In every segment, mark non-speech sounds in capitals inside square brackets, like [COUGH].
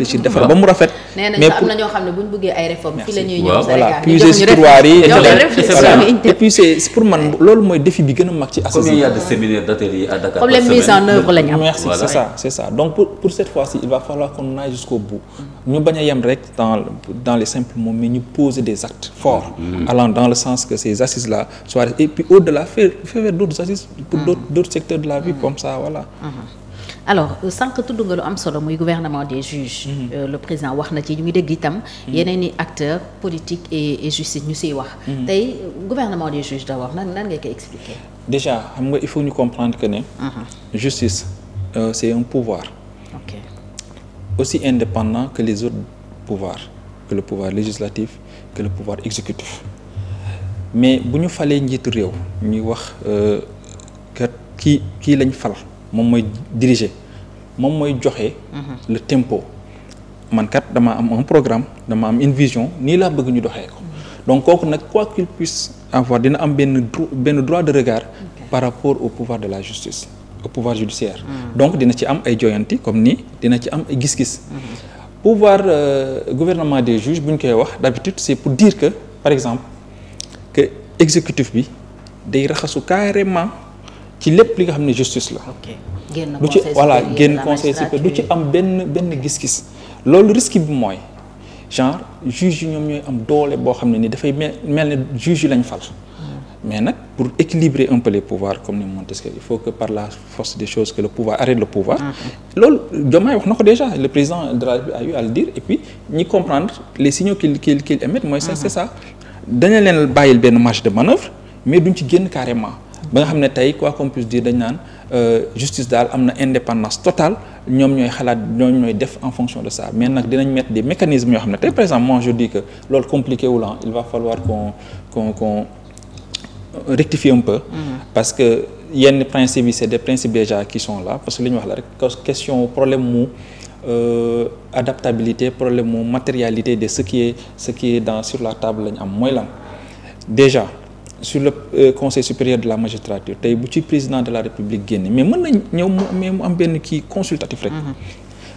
réfléchir defar ba mu rafet. mais am na ñoo xam ne bu ñu bëggee ay réformes fii la ñuy ñëw Sénégal ñu ñu réformes et puis pour man loolu mooy défi bi gën a mag ci. association a de donc pour cette fois-ci il va falloir qu'on aille jusqu'au bout ñu bañ a yem rek dans dans les simples ñu poser des actes forts. Mm-hmm. allant dans le sens que ces assises là soient et puis au-delà faire faire d'autres assises pour mm-hmm. d'autres secteurs de la vie mm-hmm. comme ça alors euh, sànq tudd nga lu am solo muy gouvernement des juges. Mm-hmm. Euh, le président wax na ci ñu ngi dégg itam. Mm-hmm. yeneen i acteur politique et et justice ñu siy wax. Mm-hmm. tey gouvernement des juges da wax nan nan nga koy expliquer. déjà xam nga il faut ñu comprendre que ne. justice euh, c'est un pouvoir. ok aussi indépendant que les autres pouvoirs que le pouvoir législatif que le pouvoir exécutif mais bu ñu falee njiitu réew ñuy wax kat kii kii lañ fal. moom mooy diriger moom mooy joxe. Mhm. le tempo man kat dama am un programme dama am une nii laa bëgg ñu doxee ko mhm. donc kooku nag quoi qu'il puisse avoir dina am benn benn droit de regard par rapport au pouvoir de la justice au pouvoir judiciaire mhm. donc dina ci am ay joyanti comme nii dina ci am ay gis-gis pouvoir euh, gouvernement des juges bu ñu koy wax d'habitude c'est pour dire que par exemple que exécutif bi day raxasu carrément ci lépp li nga xam ne justice la. du ci voilà génn conseil supérieur du ci am benn benn gis-gis. loolu risque bi mooy genre juge yi ñoom ñooy am doole boo xam ne ni dafay mel ne juge yi lañ fal. Hmm. mais nag pour équilibrer un peu les pouvoirs comme ni Montesquieu il faut que par la force des choses que le pouvoir arrête le pouvoir. Hmm. loolu Diomaye wax na ko déjà le président de a eu le dire et puis ñi comprendre les signaux ki qu'il qu'il émet mooy hmm. c'est ça. dañu leen bàyyil benn marge de manœuvre mais duñ ci génn carrément. ba nga xam ne tey quoi qu'on puisse dire dañ naan euh, justice daal am na indépendance totale ñoom ñooy xalaat ñoom ñooy def en fonction de ça mais nag dinañ mettre des mécanismes yoo xam ne tey par exemple moi je dis que loolu compliqué wul il va falloir qu'on qu'on qu'on rectifier un peu. Mm-hmm. parce que yenn principes yi c'est des principes déjà qui sont là parce que li ñu wax la rek question problème mu euh, adaptabilité problème mu matérialité de ce qui est ce qui est dans sur la table la ñu am mooy lan déjà. sur le euh, conseil supérieur de la magistrature tey bu ci président de la république génne mais mën nañ ñëw mu mais mu am benn kii consultatif rek. Mhm.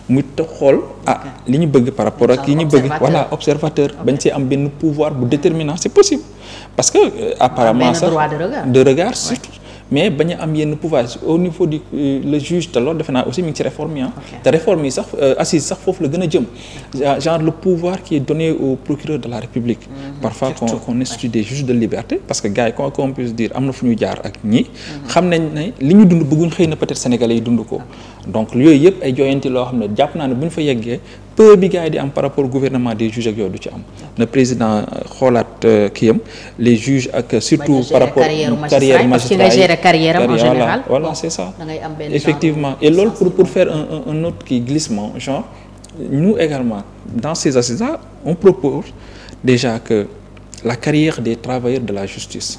mu xool ah li ñu bëgg par rapport ak yi ñu bëgg. voilà observateur bañ see am benn pouvoir bu déterminant c'est possible parce que euh, apparemment sax de regard surtout. mais bañ a am yenn pouvoir au niveau du euh, le juge te loolu defe naa aussi mi ngi ci réforme yi ah te réforme yi sax euh, assise sax foofu la gën a jëm genre le pouvoir qui est donné au procureur de la République mhm. parfois qu'on qu'on institue des juges de liberté parce que gars yi quoi qu'on puisse dire am na fu ñu jaar ak ñi mhm. xam nañ ne li ñu dund bëgguñ xëy na peut-être sénégalais yi dund ko donc yooyu yëpp ay jooyanti loo xam ne jàpp naa ne bu ñu fa yeggee peu bi gars yi di am par rapport au gouvernement des juges ak yooyu du am na président euh, xoolaat euh, kiyam les juges ak euh, surtout par rapport carrière magistrat carrière en général voilà c'est ça effectivement et loolu pour pour faire un un autre qui glissement genre nous également dans ces assises là on propose déjà que la carrière des travailleurs de la justice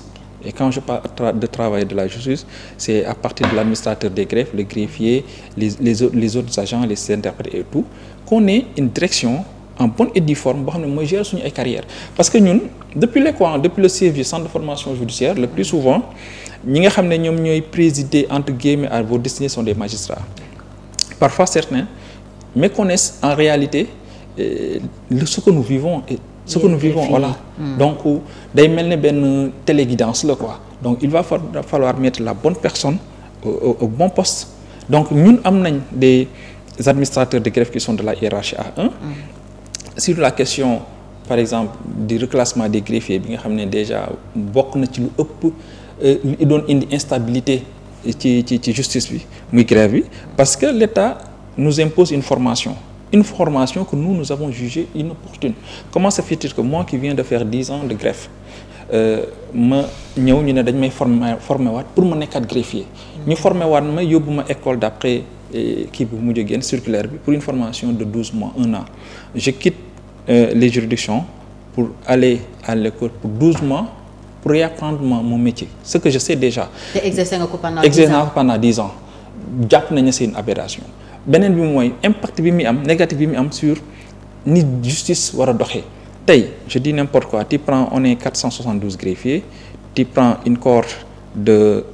Et quand je parle de travail de la justice, c'est à partir de l'administrateur des greffes, le greffier, les, les, autres, les autres agents, les interprètes et tout, qu'on une direction en bonne et due forme boo xam ne mooy gérer suñu ay carrière parce que ñun depuis les quoi depuis le CFJ centre de formation judiciaire le plus souvent ñi nga xam ne ñoom ñooy présider entre guillemets à vos destinées sont des magistrats parfois certains méconnaissent en réalité euh, le ce que nous ce que nous vivons voilà hmm. donc day mel ne benn téléguidance la quoi donc il va falloir mettre la bonne personne au, au bon poste donc ñun am nañ des administrateurs de greffe qui sont de la hiérarchie A1 hmm. sur la question par exemple du reclassement des greffiers bi nga xam ne déjà bokk na ci lu ëpp euh, li doon indi instabilité ci ci ci justice bi muy grève bi parce que l'État nous impose une formation une formation que nous, nous avons jugée inopportune. Comment se fait que moi qui viens de faire 10 ans de greffe, euh, ma ñëw ñu ne dañ may former formé waat pour ma nekkaat greffier. ñu formé waat ma yóbbu ma école d'après euh, kii bi mu génn circulaire bi pour une formation de 12 mois un an je quitte euh, les juridictions pour aller à l'école pour 12 mois pour réapprendre ma mon métier ce que je sais déjà. te exercé nga ko pendant 10 ans exercé jàpp nañu seen une beneen bi mooy impact bi muy am négatif bi muy am sur nit justice war a doxe tey je dis n'importe quoi tu prends on est 472 greffiers tu prends une cohorte de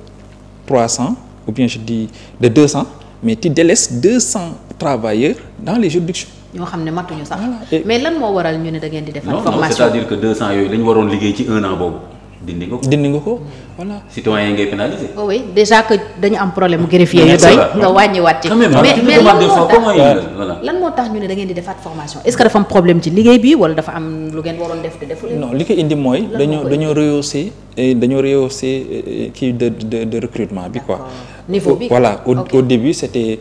300 ou bien je dis de 200 mais tu délaisses 200 travailleurs dans les juridictions ñoo xam ne matuñu sax mais lan moo waral ñu ne da di defal formation non c'est-à-dire que yooyu lañu waroon liggéey ci un an boobu dindi nga ko dindi nga ko voilà. citoyen ngay pénaliser. oh oui déjà que dañu am problème greffier yu doy. nga wàññiwaat ci. mais mais lan moo tax lan moo tax ñu ne da ngeen di defaat formation est-ce que dafa am problème ci liggéey bi wala dafa am lu ngeen waroon def te defu li ko indi mooy. dañoo eh, dañoo rehausser dañoo eh, eh, kii de de de recrutement bi quoi. niveau bi voilà au au début c'était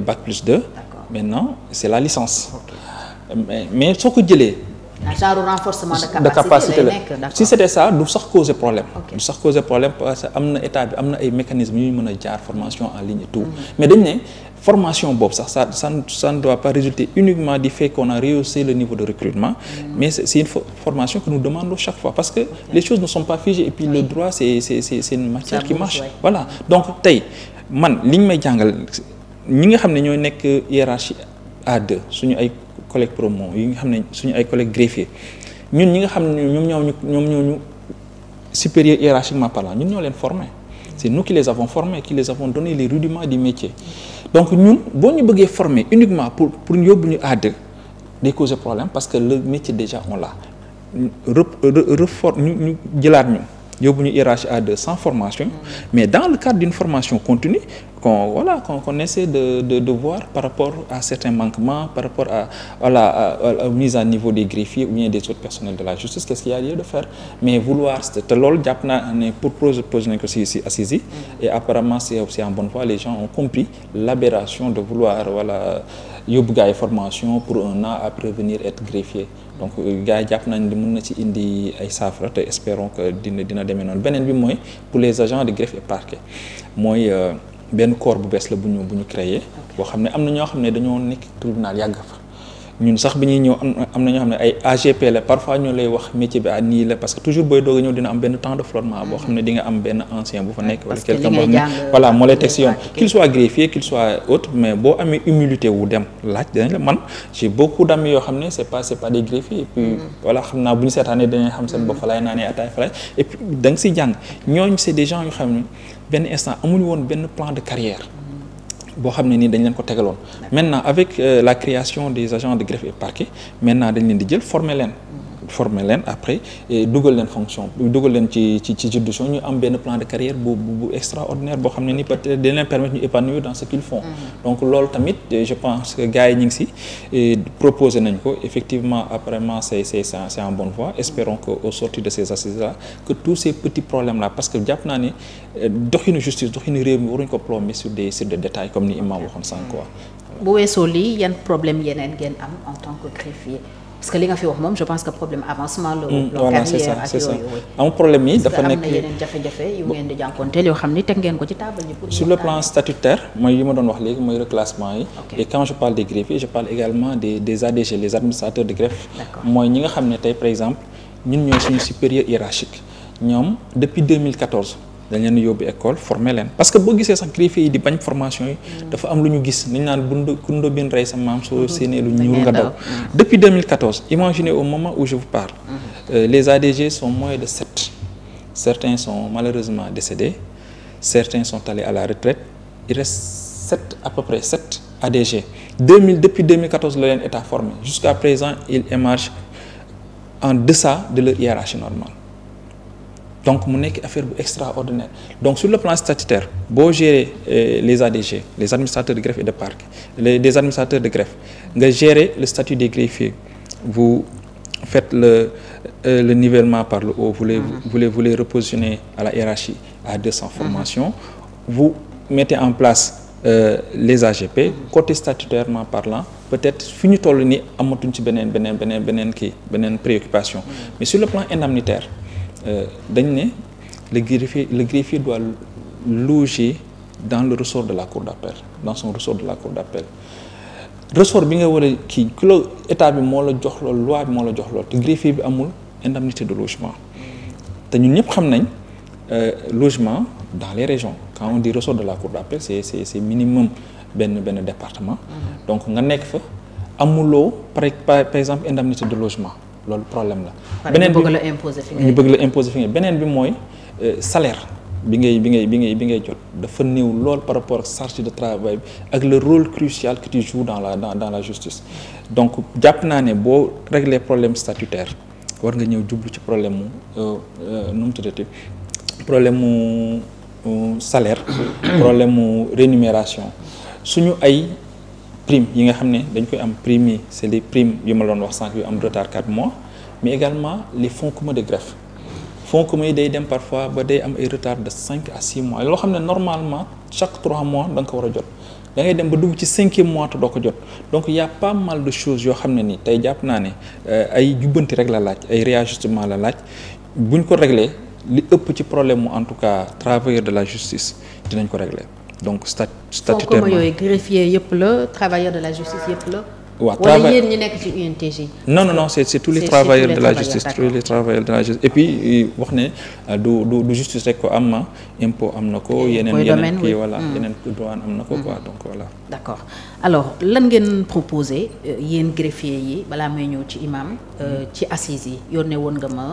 bac plus 2. maintenant c'est la licence. mais soo ko jëlee. genre renforcement de capacité la si c' était ça du sax causer problème. du sax causer problème parce que am na état am na ay mécanismes ñu mën a jaar formation en ligne et tout. mais dañ ne formation boobu sax sa sa ne doit pas résulter uniquement di fait qu'on a réussi le niveau de recrutement. mais c' est une formation que nous demandons chaque fois parce que les choses ne sont pas figées et puis le droit c' est c' est c' est une matière qui marche. voilà donc tey man li ñu may jàngal ñi nga xam ne ñooy nekk hiérarchie A2 suñu ay. collègue promo yi nga xam ne suñu ay collègue greffier ñun ñi nga xam ne ñoom ñoom ñu ñoom ñoo ñu supérieur hiérarchiquement parlant ñun ñoo leen formé c'est nous qui les avons formés qui les avons donné les rudiments du métier donc ñun boo ñu bëggee former uniquement pour pour ñu yóbbu ñu add day causer problème parce que le métier déjà on l'a reform ñu ñu jëlaat ñu yóbbu ñu hiérarchie A2 sans formation mm. mais dans le cadre d'une formation continue kon voilà qu'on qu'on essaie de de par rapport à certains manquements par rapport à voilà à, à, à mise à niveau des greffiers ou bien des autres personnels de la justice qu'est-ce qu'il y a lieu de faire mais vouloir te loolu jàpp naa ne pour pose pose nañ ko si si assise yi mm. et apparemment c'est aussi en bonne voie les gens ont compris l'aberration de vouloir voilà yóbbu yi formation pour un an à prévenir être greffier donc euh, gars jàpp nañ ne mën na ci indi ay saafara te espérons que dina dina demee noonu beneen bi mooy pour les agents de greffe et mooy euh, benn corps bu bees la bu ñu bu boo xam ne am na ñoo xam ne dañoo nekk tribunal yàgg fa. ñun sax bi ñuy ñëw am na ñoo xam ne ay AGP la parfois ñu lay wax métier bi ah nii la parce que toujours booy doog a ñëw dina am benn temps de flottement boo xam ne mm-hmm. di am ne voilà moo boo amee humilité wu dem laaj dinañ la yoo xam ne c'est pas c'est pas des greffiers et puis mm-hmm. xam naa bu ñu seetaanee dinañ xam seen bopp mm-hmm. fa laay naanee ataay fa laay et puis da nga siy jàng ñooñu c'est des gens yoo benn instant amuñu woon benn plan de carrière boo xam ne nii dañ leen ko tegaloon maintenant avec euh, la création des agents de greffe et parquet maintenant dañ leen di jël former leen former leen après dugal leen fonction dugal leen ci ci ci ñu am benn plan de carrière bu extraordinaire boo xam ne ni peut-être dina leen permettre ñu épanouir dans ce qu'ils font. Mm-hmm. donc loolu tamit je pense que gars yi ñu si proposé nañ ko effectivement apparemment c'est c'est en bonne voie espérons que au sortir de ces assises là que tous ces petits problèmes là parce que jàpp naa ne euh, doxinu justice doxinu réew mi waruñu ko plomber sur des sur comme ni imam parce que li nga fi wax moom je pense que problème avancement la. Mm, voilà c' problème yi dafa nekk na yeneen jafe-jafe yu ngeen di jànkuwanteel yoo xam ni teg ngeen ko ci table yi. sur le plan statutaire mooy yi ma doon wax léegi mooy reclassement yi. et quand je parle des greffiers je parle également des ADG les administrateurs de greffe. mooy ñi nga xam ne tey par exemple ñun ñooy suñu supérieur hiérarchique ñoom depuis 2014. dañ leen yóbbu école former leen parce que boo gisee sax greffier yi di bañ formation yi. Mm. dafa am lu ñu gis nañ naan bund kundo bin rey sa maam soo séenee lu ñuul nga daw. Mm. depuis 2014 imaginez au moment où je vous parle. Mm. Euh, les ADG sont moins de sept. certains sont malheureusement décédés certains sont allés à la retraite il reste sept à peu près sept ADG 2000 depuis 2014 la leen état formé jusqu'à présent ils émargent en deçà de leur hiérarchie normale. donc mu nekk affaire bu extraordinaire donc sur le plan statutaire boo gérer euh, les ADG les administrateurs de greffe et de parquet les des administrateurs de greffe nga gérer le statut des greffiers vous faites le euh, le nivellement par le haut vous les mm-hmm. vous les vous repositionner à la hiérarchie à 200 mm-hmm. formations vous mettez en place euh, les AGP mm-hmm. côté statutairement parlant peut-être fi ñu toll ni amatuñ ci beneen beneen beneen beneen kii beneen préoccupation mais sur le plan indemnitaire Euh, dañ ne le greffier le greffier doit loger dans le ressort de la cour d'appel dans son ressort de la cour d'appel ressort bi nga war a kii ku la état bi moo la jox loolu loi bi moo la jox loolu te greffier bi amul indemnité de logement te ñun ñëpp xam nañ euh, logement dans les régions quand on di ressort de la cour d'appel c'est c'est c'est minimum benn benn département mm-hmm. donc nga nekk fa amuloo par par exemple indemnité de logement loolu problème la. beneen bi ñu ñu bëgg la imposer fi nga beneen bi mooy euh, salaire bi ngay bi ngay bi ngay bi ngay jot dafa néew lool par rapport ak charge de travail bi ak le rôle crucial que tu joues dans la dans dans la justice donc jàpp naa ne boo régler problème statutaire war nga ñëw jublu ci problème mu euh, euh, nu mu tuddati problème mu salaire problème mu rémunération suñu ay. prime yi nga xam ne dañ koy am prime yi c' est les primes yu ma doon wax sànq yu am retard 4 mois mais également les fonds communs de greffe fonds communs yi day dem parfois ba day am ay retard de cinq à 6 mois loo xam ne normalement chaque 3 mois da nga ko war a jot da dem ba dugg ci cinquième mois te doo ko jot donc y' a pas mal de choses yoo xam ne ni tey jàpp naa ne euh, ay jubbanti rek la laaj ay réajustement la laaj buñ ko réglé li ëpp ci problème mu en tout cas travailleur de la justice dinañ ko réglé. donc statut statutairement fonds commun yooyu greffier yëpp la travailleur de la justice yëpp la. waaw travail wala nekk ci UNTJ. non non non c' est c' est travailleurs de la justice tous les travailleurs de la justice et puis wax ne euh, du du du justice rek ko am na ah, impo am na ko. yeneen yeneen kii voilà hmm. yeneen douane am na ko quoi hmm. donc voilà. d' accord alors lan ngeen proposé euh, yéen greffier yi balaa may ñëw ci imam euh, hmm. ci assises yi yónnee woon nga ma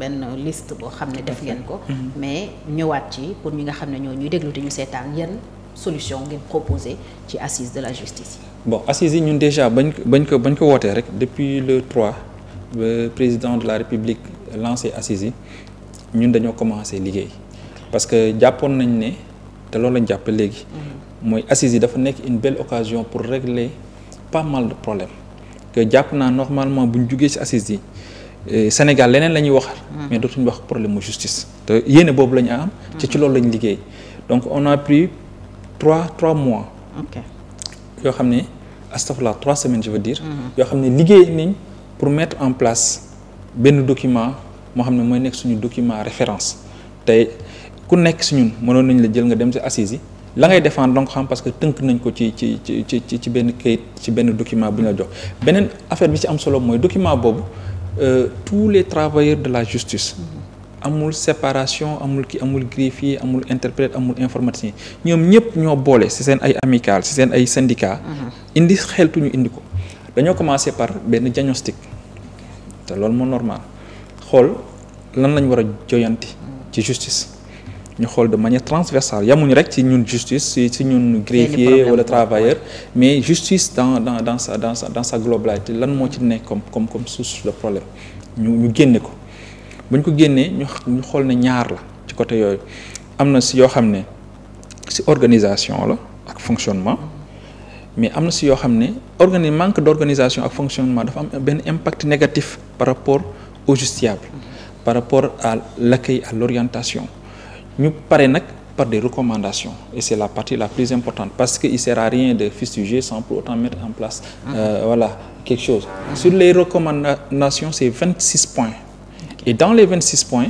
benn liste boo xam ne def ngeen ko. mais ñëwaat ci pour ñi nga xam ne ñoo ñuy déglu di ñu seetaan yéen. solution ngeen proposé ci assise de la justice yi. bon yi ñun déjà bañ ko bañ ko bañ ko wootee rek depuis le trois le président de la république lancé assise yi ñun dañoo commencé liggéey parce que jàppoon nañ ne te loolu lañ jàpp léegi. Mm-hmm. mooy assise yi dafa nekk une belle occasion pour régler pas mal de problème que jàpp naa normalement bu ñu jugee ci assise yi. Eh, Sénégal leneen la ñuy wax. Mm-hmm. mais dootuñu wax problème mu justice. te yéene boobu la am. ci ci mm-hmm. loolu la liggéey trois trois mois. yoo xam ne la trois semaine je veux dire. Mm-hmm. yoo xam ne liggéey nañ pour mettre en place benn document moo xam ne mooy nekk suñu document référence tey ku nekk si ñun mënoon nañ la jël nga dem si assises yi la ngay défendre donc xam parce que tënk nañ ko ci ci ci ci ci benn kayit ci benn document bu ñu la jox beneen affaire bi ci am solo mooy document boobu euh, tous les travailleurs de la justice. Mm-hmm. amul séparation amul ki amul greffier amul interprète amul information ñoom ñëpp ñoo boole ci seen ay amical ci seen ay syndicat mhm. indi xeltu ñu indi ko dañoo commencé par benn diagnostic te loolu moo normal xool lan lañu war a joyanti ci justice ñu xool de manière transversale yamuñu rek ci ñun justice ci ci ñun greffier wala travailleur mais justice dans dans dans dans dans sa globalité lan moo ci nekk comme comme source de problème ñu ñu génne ko buñ ko génnee ñu ñu xool ne ñaar la ci côté yooyu am na si yoo xam ne si organisation la ak fonctionnement mais am na si yoo xam ne organi manque d' organisation ak fonctionnement dafa am benn impact négatif par rapport au justiciable par rapport à l' accueil à l' orientation ñu pare nag par des recommandations et c'est la partie la plus importante parce que il sert à rien de fustiger sans pour autant mettre en place euh, voilà quelque chose mm-hmm. sur les recommandations c'est 26 points et dans les vingt six points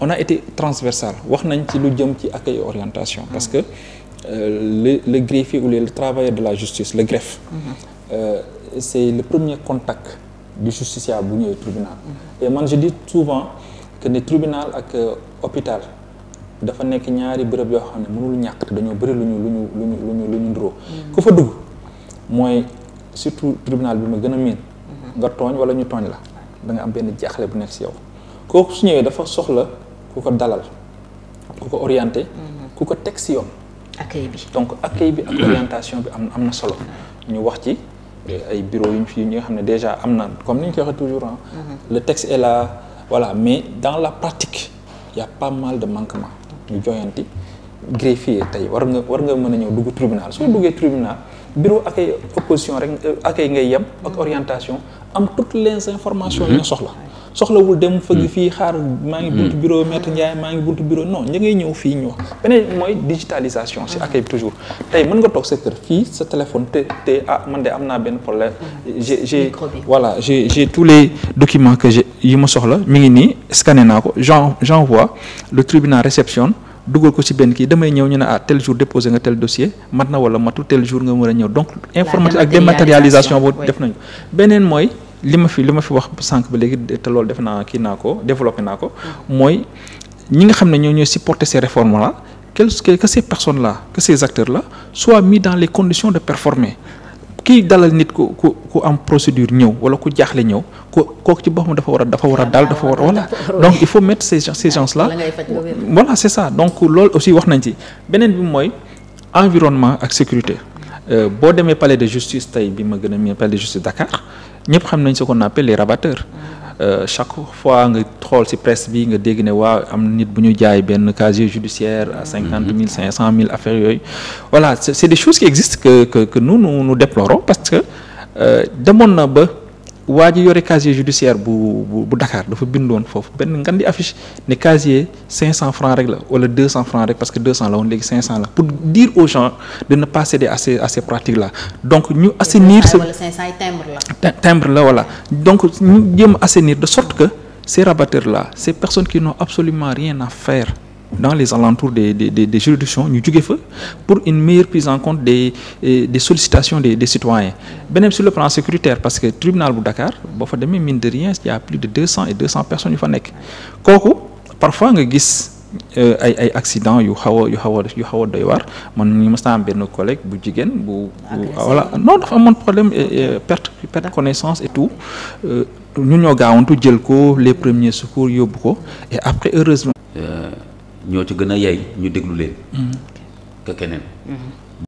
on a été transversal wax nañ ci lu jëm ci accueil orientation parce que euh, le le greffier ou le, le travailleur de la justice le greffe mm-hmm. euh, c'est le premier contact du justiciable bu ñëwee tribunal mm-hmm. et man je dis souvent que ne tribunal ak euh, hôpital dafa nekk ñaari bërëb yoo xam ne mënul ñàkk te dañoo bëri lu ñu lu ñu lu ñu lu ñu nduroo mm-hmm. ku fa dugg mooy surtout tribunal bi ma gën a miin nga tooñ wala ñu tooñ la da nga am benn jaaxle bu nekk si yow kooku su ñëwee dafa soxla ku ko dalal ku ko orienté. Mhm. ku ko teg si yoon. accueil bi donc accueil bi ak mhm. orientation bi am am na solo ñu wax ci ay bureau yu ñu fi ñi nga xam ne déjà am na comme ni ñu koy waxee toujours ah. le texte et la voilà mais dans la pratique il y pas mal de manquements ñu joyanti greffier tey war nga war nga mën a ñëw dugg tribunal soo duggee tribunal bureau accueil opposition rek accueil ngay yem ak orientation am toutes les informations yi soxla. soxlawul dem fëgg hmm. fii xaar maa ngi hmm. buntu bureau maître Ndiaye maa ngi buntu bureau non ñi ngay ñëw fii ñu wax beneen mooy digitalisation si hmm. tey mën nga toog sa kër sa téléphone te te ah, man de am naa benn problème j'ai j'ai voilà j'ai j'ai les documents que yi ma soxla mi ngi nii scanné naa ko j'en j'envoie le tribunal réceptionne dugal ko ci benn kii damay ñëw ñu ne ah tel déposé nga tel dossier mat na wala matul tel jour nga war a ñëw donc informatique ak matérialisation boobu def nañu beneen mooy li ma fi li ma fi wax sànq ba léegi te lool def naa ki naa ko développé naa ko mooy ñi nga xam ne ñooy supporter ces réformes là que que ces personne la que ces acteurs là soient mis dans les conditions de performer ki dalal nit ku ku ku am procédure ñëw wala ku jaaxle ñëw ko kooku ci boppam dafa war a dafa war a daal dafa war a [LAUGHS] donc il faut mettre ces gens ces gens là voilà c'est ça donc loolu aussi wax nañ ci beneen bi mooy environnement ak sécurité euh, boo demee palais de justice tey bi ma gën a palais de justice ñëpp xam nañ ce ko appelle les rabatteurs mm. euh, chaque fois nga xool si presse bi nga dégg ne waa am nit bu ñu jaay benn casier judiciaire à cinquante mille mm-hmm. cinq cent mille affaires yooyu voilà c'est des choses qui existent que que que nu nous nous déplorons parce que euh, demoon na ba waa ji yore casier judiciaire bu bu bu Dakar dafa bindoon foofu benn ngan di affiche ne casier 500 francs rek la wala 200 francs rek parce que 200 la woon léegi 500 la pour dire aux gens de ne pas céder à ces à ces pratiques là donc ñu assainir ce timbre la timbre donc ñu jéem assainir de sorte que ces rabatteurs là ces personnes qui n'ont absolument rien à dans les alentours des des des, des juridictions ñu jóge fa pour une meilleure prise en compte des eh, des sollicitations des des citoyens beneen su le plan sécuritaire parce que tribunal bu Dakar boo fa demee mine de rien y a plus de deux cent et deux cent personnes yu fa nekk kooku parfois nga gis. Euh, ay ay accident yu xaw a yu xaw a yu xaw a doy war man ñu mës naa benn collègue bu jigéen bu ah, voilà non dafa amoon problème eh, eh, perte perte connaissance et tout euh, ñun ñoo gaawantu jël ko les premiers secours yóbbu ko et après heureusement euh, ñoo ci gën a yey ñu déglu leen. Mm. que keneen. Mm-hmm.